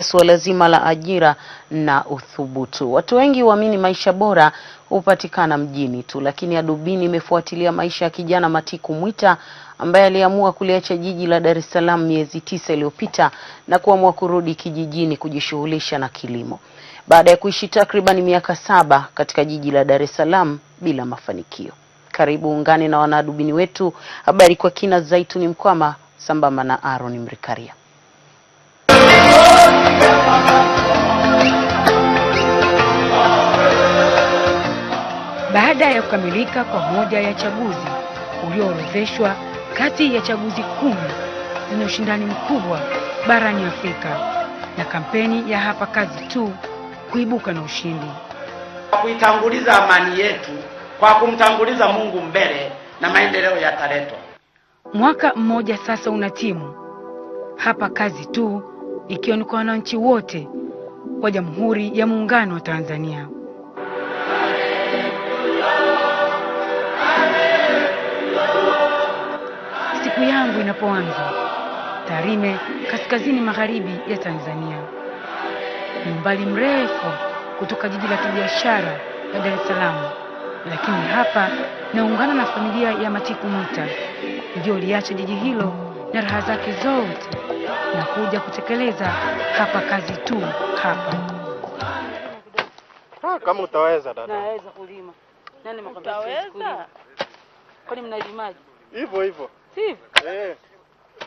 Suala zima la ajira na uthubutu. Watu wengi huamini maisha bora hupatikana mjini tu, lakini Adubini imefuatilia maisha ya kijana Matiku Mwita ambaye aliamua kuliacha jiji la Dar es Salaam miezi tisa iliyopita na kuamua kurudi kijijini kujishughulisha na kilimo baada ya kuishi takriban miaka saba katika jiji la Dar es Salaam bila mafanikio. Karibu ungane na wanaadubini wetu, habari kwa kina. Zaituni Mkwama sambamba na Aaron Mrikaria. baada ya kukamilika kwa moja ya chaguzi ulioorodheshwa kati ya chaguzi kumi zenye ushindani mkubwa barani Afrika na kampeni ya hapa kazi tu kuibuka na ushindi. Kwa kuitanguliza amani yetu kwa kumtanguliza Mungu mbele na maendeleo yataletwa. Mwaka mmoja sasa una timu hapa kazi tu ikiwa ni kwa wananchi wote wa Jamhuri ya Muungano wa Tanzania. siku yangu inapoanza Tarime, kaskazini magharibi ya Tanzania. Ni umbali mrefu kutoka jiji la kibiashara la Dar es Salaam, lakini hapa naungana na familia ya Matiku Mwita iliyoliacha jiji hilo na raha zake zote na kuja kutekeleza hapa kazi tu hapa. Ah, kama utaweza dada. Naweza kulima. Nani mnalimaji? Hivyo hivyo. Steve. Eh.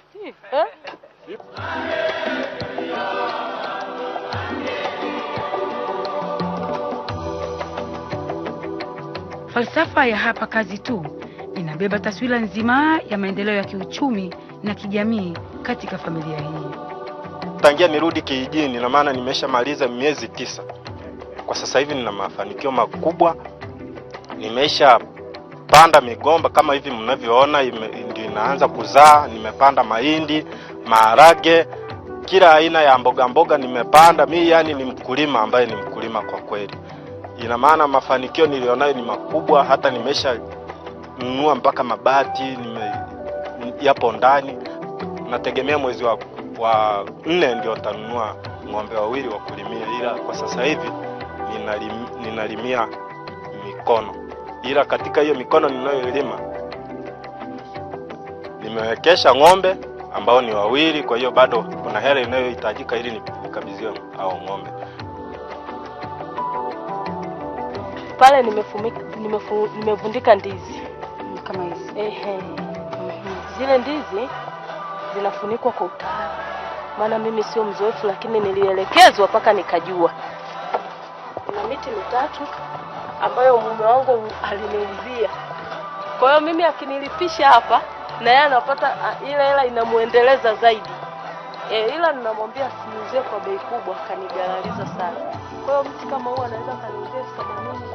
Steve. Eh? Falsafa ya hapa kazi tu inabeba taswira nzima ya maendeleo ya kiuchumi na kijamii katika familia hii. Tangia nirudi kijijini, na maana nimeshamaliza miezi tisa, kwa sasa hivi nina mafanikio makubwa, nimesha panda migomba kama hivi mnavyoona zinaanza kuzaa. Nimepanda mahindi, maharage, kila aina ya mboga mboga nimepanda mi, yani ni mkulima ambaye ni mkulima kwa kweli. Ina maana mafanikio nilionayo ni makubwa, hata nimesha nunua mpaka mabati nime, yapo ndani. Nategemea mwezi wa, wa nne ndio tanunua ng'ombe wawili wa kulimia, ila kwa sasa hivi ninalim, ninalimia mikono, ila katika hiyo mikono ninayolima Nimewekesha ng'ombe ambao ni wawili, kwa hiyo bado kuna hela inayohitajika ili nikabidhiwe hao ng'ombe. Pale nimefumika, nimevundika ndizi kama hizi ehe. Zile ndizi zinafunikwa kwa utaalamu, maana mimi sio mzoefu, lakini nilielekezwa mpaka nikajua. Kuna miti mitatu ambayo mume wangu aliniuzia, kwa hiyo mimi akinilipisha hapa na yeye anapata ah, ile hela inamuendeleza zaidi. E, ila ninamwambia siniuzie kwa bei kubwa, kanigaraliza sana. Kwa hiyo mtu kama huyu anaweza kaniuzia elfu themanini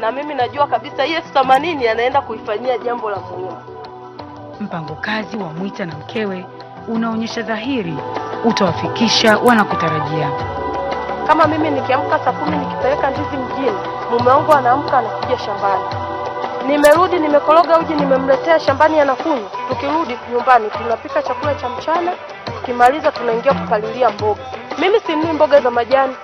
na mimi najua kabisa hii elfu themanini anaenda kuifanyia jambo la muhimu. Mpango kazi wa Mwita na mkewe unaonyesha dhahiri utawafikisha wanakutarajia. Kama mimi nikiamka saa kumi nikipeleka ndizi mjini, mume wangu anaamka anakuja shambani. Nimerudi, nimekologa uji, nimemletea shambani, anakunywa. Tukirudi nyumbani tunapika chakula cha mchana, tukimaliza tunaingia kupalilia mboga. Mimi sinunui mboga za majani,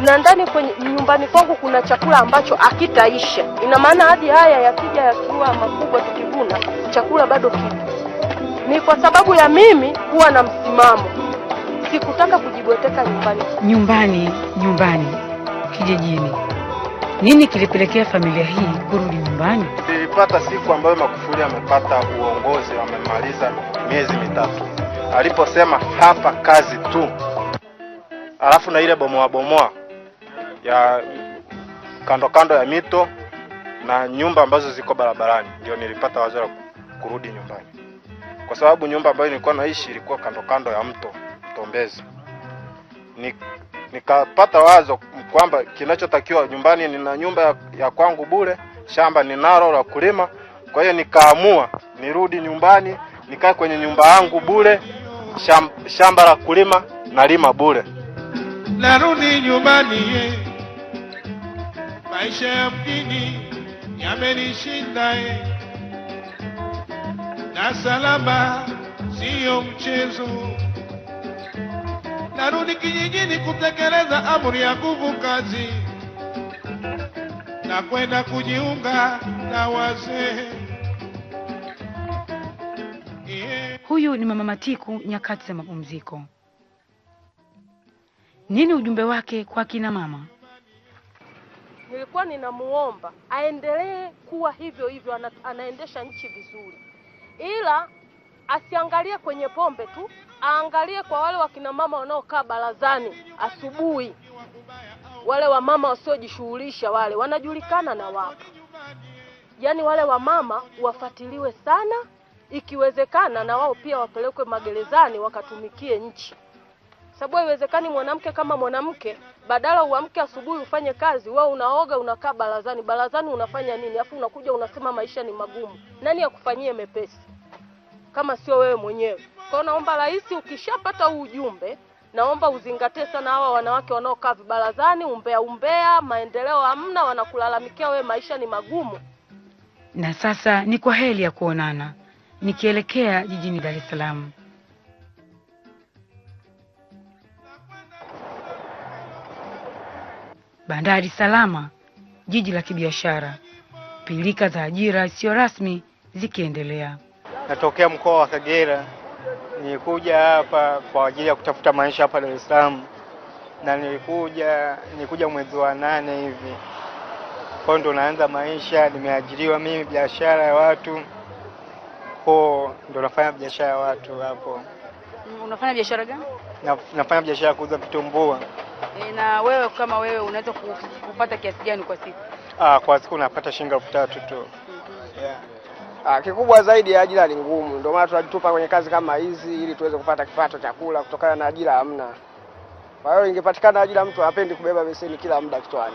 na ndani kwenye nyumbani kwangu kuna chakula ambacho akitaisha Ina maana hadi haya yakija yakiwa makubwa, tukivuna chakula bado kipo. Ni kwa sababu ya mimi kuwa na msimamo, sikutaka kujibweteka nyumbani, nyumbani, nyumbani, kijijini. Nini kilipelekea familia hii kurudi nyumbani? Nilipata siku ambayo Magufuli amepata uongozi, amemaliza miezi mitatu, aliposema hapa kazi tu, alafu na ile bomoa bomoa ya kando kando ya mito na nyumba ambazo ziko barabarani, ndio nilipata wazo la kurudi nyumbani, kwa sababu nyumba ambayo nilikuwa naishi ilikuwa kando kando ya mto Mtombezi ni nikapata wazo kwamba kinachotakiwa nyumbani, nina nyumba ya, ya kwangu bure, shamba ninalo la kulima. Kwa hiyo nikaamua nirudi nyumbani, nikae kwenye nyumba yangu bure, shamba, shamba la kulima, nalima bure, narudi nyumbani. Maisha ya mjini yamenishinda na salama siyo mchezo narudi kijijini kutekeleza amri ya nguvu kazi na kwenda kujiunga na wazee. Yeah. Huyu ni Mama Matiku nyakati za mapumziko. Nini ujumbe wake kwa kina mama? Nilikuwa ninamuomba aendelee kuwa hivyo hivyo, ana, anaendesha nchi vizuri, ila asiangalie kwenye pombe tu aangalie kwa wale wakinamama wanaokaa barazani asubuhi, wale wamama wasiojishughulisha, wale wanajulikana na wapo. Yaani wale wamama wafatiliwe sana, ikiwezekana na wao pia wapelekwe magerezani wakatumikie nchi, sababu haiwezekani mwanamke kama mwanamke, badala uamke asubuhi ufanye kazi, wewe unaoga unakaa barazani. Barazani unafanya nini? Afu unakuja unasema maisha ni magumu. Nani akufanyie mepesi kama sio wewe mwenyewe? Kwa hiyo naomba rais, ukishapata huu ujumbe, naomba uzingatie sana hawa wanawake wanaokaa vibarazani, umbea umbea, maendeleo hamna, wanakulalamikia wewe, maisha ni magumu. Na sasa ni kwa heli ya kuonana, nikielekea jijini Dar es Salaam. Bandari salama, jiji la kibiashara, pilika za ajira isiyo rasmi zikiendelea. Natokea mkoa wa Kagera nilikuja hapa kwa ajili ya kutafuta maisha hapa Dar es Salaam, na nilikuja nilikuja mwezi wa nane hivi kwa ndo naanza maisha. Nimeajiriwa mimi biashara ya watu ko, ndo nafanya biashara ya watu hapo. Unafanya biashara gani? Na, nafanya biashara ya kuuza vitumbua. E, na wewe kama wewe unaweza kupata kiasi gani kwa siku? Ah, kwa siku napata shilingi elfu tatu tu. mm -hmm. yeah. Ah, kikubwa zaidi ya ajira ni ngumu, ndio maana tunajitupa kwenye kazi kama hizi ili tuweze kupata kipato cha kula, kutokana na ajira hamna. Kwa hiyo ingepatikana ajira, mtu hapendi kubeba beseni kila muda kichwani.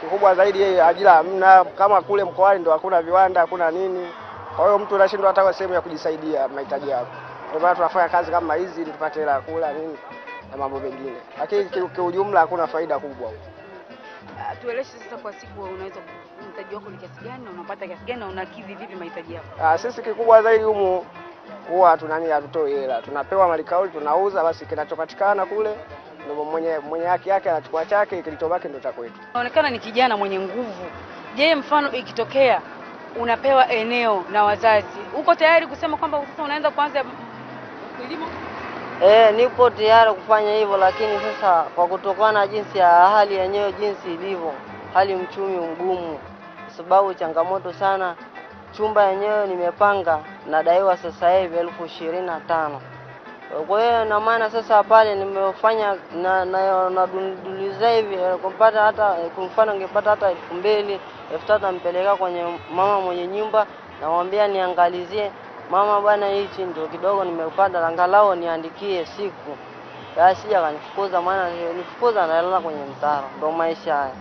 Kikubwa zaidi yeye ajira hamna, kama kule mkoani ndio hakuna viwanda, hakuna nini. Kwa hiyo mtu anashindwa hata kwa sehemu ya kujisaidia mahitaji yake. Ndio maana tunafanya kazi kama hizi ili tupate hela ya kula nini na mambo mengine, lakini kiujumla hakuna faida kubwa. Uh, sasa, kwa siku unaweza mtaji wako ni kiasi gani na unapata kiasi gani na unakidhi vipi mahitaji yako? Ah, sisi kikubwa zaidi humu huwa tunani hatutoi hela, tunapewa malikauli, tunauza basi, kinachopatikana kule ndio mwenye mwenye haki yake anachukua chake, kilichobaki ndio cha kwetu. Inaonekana ni kijana mwenye nguvu. Je, mfano ikitokea unapewa eneo na wazazi, uko tayari kusema kwamba sasa unaanza kuanza kilimo? Eh, nipo tayari kufanya hivyo, lakini sasa kwa kutokana jinsi ya hali yenyewe jinsi ilivyo, hali mchumi mgumu, kwa sababu changamoto sana. Chumba yenyewe nimepanga nadaiwa sasa hivi elfu ishirini na tano. Kwa hiyo na maana sasa pale nimefanya na nadunduliza hivi eh, kupata hata eh, kwa mfano ningepata hata elfu mbili elfu tatu nampeleka kwenye mama mwenye nyumba, namwambia niangalizie mama bwana, hichi ndio kidogo nimepata, angalau niandikie siku ya kanifukuza, maana nifukuza nalala kwenye mtaro. Ndio maisha haya.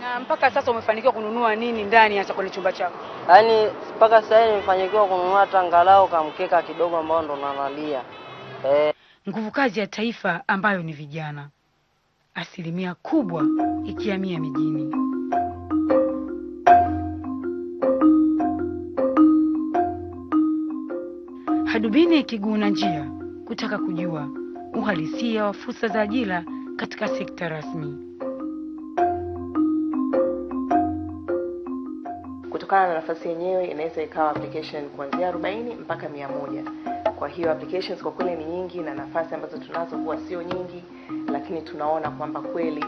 Na mpaka sasa umefanikiwa kununua nini ndani hasa kwenye chumba chako? Yaani mpaka sasa hivi nimefanikiwa kununua hata angalau kamkeka kidogo ambao ndo nanalia eh. Nguvu kazi ya taifa ambayo ni vijana, asilimia kubwa ikihamia mijini. Hadubini Kiguna Njia kutaka kujua uhalisia wa fursa za ajira katika sekta rasmi. Kutokana na nafasi yenyewe inaweza ikawa application kuanzia 40 mpaka 100. Kwa hiyo applications kwa kweli ni nyingi na nafasi ambazo tunazo huwa sio nyingi, lakini tunaona kwamba kweli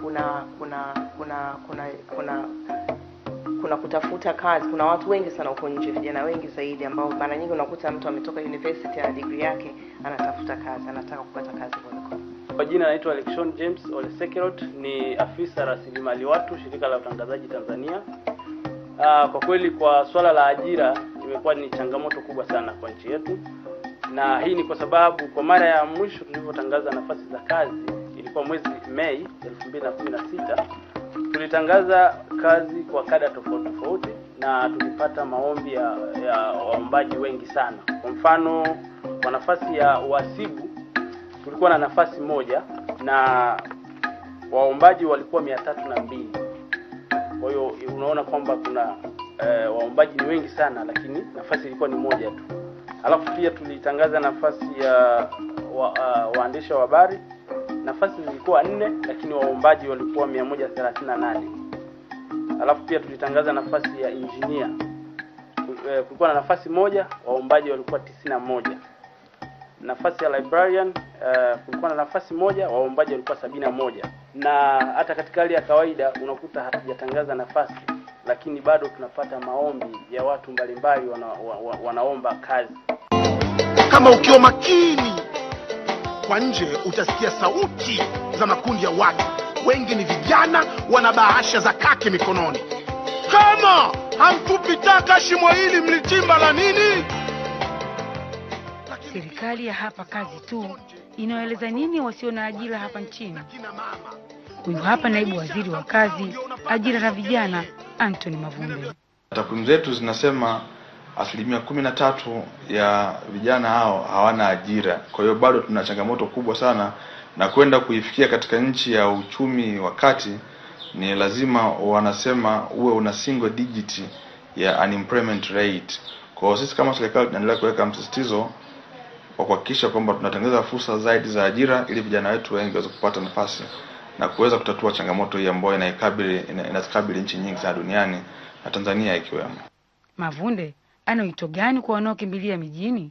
kuna kuna kuna kuna kuna kuna kutafuta kazi. Kuna watu wengi sana huko nje, vijana wengi zaidi, ambao mara nyingi unakuta mtu ametoka university ana degree yake, anatafuta kazi, anataka kupata kazi Vodacom. Kwa jina naitwa Alexon James Olesekerot, ni afisa rasilimali watu, shirika la utangazaji Tanzania. Aa, ah, kwa kweli kwa swala la ajira imekuwa ni changamoto kubwa sana kwa nchi yetu, na hii ni kwa sababu kwa mara ya mwisho tulivyotangaza nafasi za kazi ilikuwa mwezi Mei 2016 tulitangaza kazi kwa kada tofauti tofauti na tulipata maombi ya, ya waombaji wengi sana. Kwa mfano, kwa nafasi ya uhasibu tulikuwa na nafasi moja na waombaji walikuwa mia tatu na mbili. Kwa hiyo unaona kwamba kuna e, waombaji ni wengi sana, lakini nafasi ilikuwa ni moja tu. Alafu pia tulitangaza nafasi ya wa, uh, waandishi wa habari nafasi zilikuwa nne, lakini waombaji walikuwa 138. Alafu pia tulitangaza nafasi ya injinia, eh, kulikuwa na nafasi moja, waombaji walikuwa 91. Nafasi ya librarian uh, kulikuwa na nafasi moja, waombaji walikuwa 71. Na hata katika hali ya kawaida unakuta hatujatangaza nafasi, lakini bado tunapata maombi ya watu mbalimbali wana, wa, wanaomba kazi. Kama ukiwa makini kwa nje utasikia sauti za makundi ya watu, wengi ni vijana wana bahasha za kaki mikononi. Kama hamtupi taka shimo hili mlichimba la nini? Serikali ya hapa kazi tu inaeleza nini wasio na ajira hapa nchini? Huyu hapa naibu waziri wa kazi, ajira na vijana, antony mavumbe Takwimu zetu zinasema asilimia kumi na tatu ya vijana hao hawana ajira. Kwa hiyo bado tuna changamoto kubwa sana, na kwenda kuifikia katika nchi ya uchumi wa kati ni lazima, wanasema uwe una single digit ya unemployment rate. Kwa hiyo sisi kama serikali tunaendelea kuweka msisitizo kwa kuhakikisha kwamba tunatengeneza fursa zaidi za ajira ili vijana wetu wengi waweze kupata nafasi na kuweza kutatua changamoto hii ambayo inazikabili nchi nyingi za duniani na Tanzania ikiwemo. Mavunde ana wito gani kwa wanaokimbilia mijini?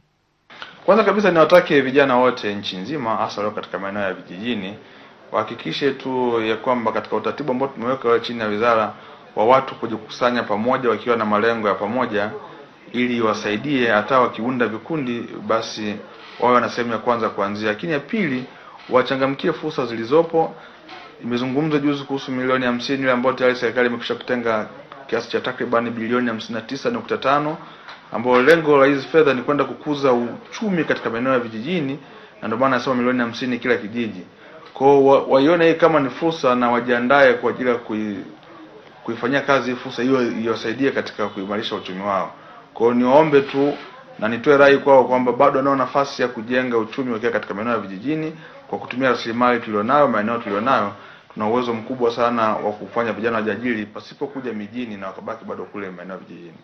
Kwanza kabisa niwatake vijana wote nchi nzima, hasa walio katika maeneo ya vijijini, wahakikishe tu ya kwamba katika utaratibu ambao tumeweka chini ya wizara wa watu kujikusanya pamoja, wakiwa na malengo ya pamoja, ili wasaidie hata wakiunda vikundi, basi wawe na sehemu ya kwanza kuanzia. Lakini ya pili, wachangamkie fursa zilizopo. Imezungumzwa juzi kuhusu milioni hamsini ile ambayo tayari serikali imekwisha kutenga kiasi cha takriban bilioni 59.5 ambapo lengo la hizi fedha ni kwenda kukuza uchumi katika maeneo ya vijijini, na ndio maana nasema milioni hamsini kila kijiji. Kwa Kwao waione hii kama ni fursa na wajiandae kwa ajili ya kuifanyia kazi fursa hiyo iwasaidie katika kuimarisha uchumi wao. Kwa hiyo niwaombe tu na nitoe rai kwao kwamba bado wanao nafasi ya kujenga uchumi wakiwa katika maeneo ya vijijini kwa kutumia rasilimali tulionayo, maeneo tulionayo tuna uwezo mkubwa sana wa kufanya vijana pasipo pasipokuja mijini na wakabaki bado kule maeneo vijijini.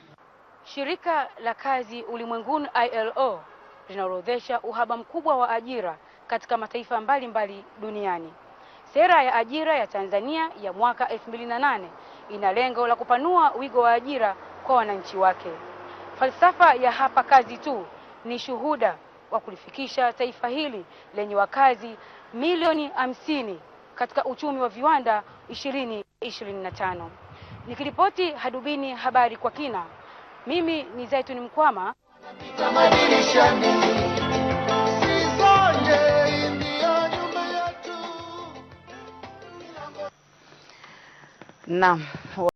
Shirika la kazi ulimwenguni ILO linaorodhesha uhaba mkubwa wa ajira katika mataifa mbalimbali mbali duniani. Sera ya ajira ya Tanzania ya mwaka 2008 ina lengo la kupanua wigo wa ajira kwa wananchi wake. Falsafa ya hapa kazi tu ni shuhuda wa kulifikisha taifa hili lenye wakazi milioni hamsini katika uchumi wa viwanda 2025. Nikiripoti Hadubini habari kwa kina, mimi ni Zaituni Mkwama. Naam.